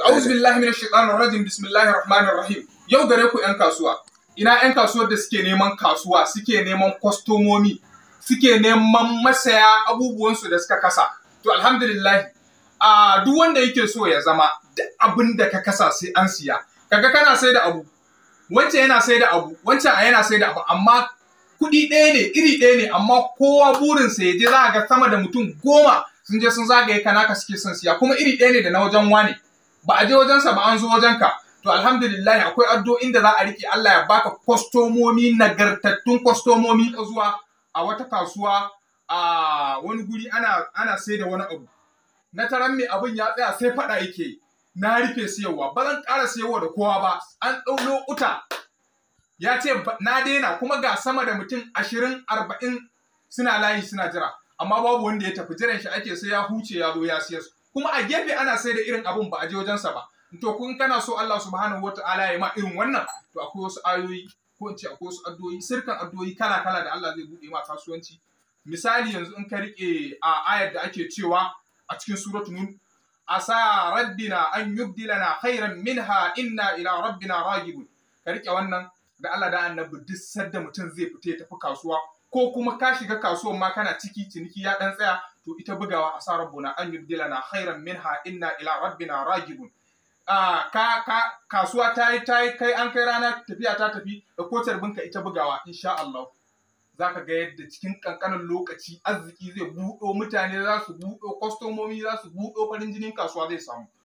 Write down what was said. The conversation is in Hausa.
a'udhu billahi minash shaitanir rajim bismillahir rahmanir rahim yau gare ku yan kasuwa ina yan kasuwar da suke neman kasuwa suke neman kwastomomi suke neman masaya abubuwansu da suka kasa to alhamdulillah a duk wanda yake so ya zama duk abin da ka kasa sai an siya kaga kana sai da abu wancan yana sai da abu wancan yana sai da abu amma kuɗi ɗaya ne iri ɗaya ne amma kowa burinsa ya je za a ga sama da mutum goma sun je sun zagaye kanaka suke son siya kuma iri ɗaya ne da na wajen wane ba a je wajensa ba an zo wajenka to alhamdulillah akwai addu'o'in da za a rike Allah ya baka kwastomomi nagartattun kwastomomi a zuwa a wata kasuwa a wani guri ana ana sai da wani abu na taran mai abin ya tsaya sai fada yake na rufe siyarwa ba zan ƙara siyarwa da kowa ba an ɗau lokuta ya ce na daina kuma ga sama da mutum ashirin arba'in suna layi suna jira amma babu wanda ya tafi jiran shi ake sai ya huce ya zo ya siyasa. kuma a gefe ana sai da irin abun ba a je wajensa ba to kun kana so Allah subhanahu wataala ya ma irin wannan to akwai wasu ayoyi ko in ce akwai wasu addu'o'i sirkan addu'o'i kala kala da Allah zai buɗe ma kasuwanci misali yanzu in ka rike a ayar da ake cewa a cikin suratu nun asa rabbina an na yubdilana khairan minha inna ila rabbina ragibun ka rike wannan da Allah da annabi duk sadda mutum zai fita ya tafi kasuwa ko kuma ka shiga kasuwar ma kana ciki ciniki ya dan tsaya to ita bugawa a sa rabbuna an na khairan minha inna ila rabbina rajibun a ka ka kasuwa ta yi ta yi kai an kai rana tafiya ta tafi da kotar binka ita bugawa insha Allah zaka ga yadda cikin kankanin lokaci arziki zai buɗo mutane za su budo kwastomomi za su budo farin jinin kasuwa zai samu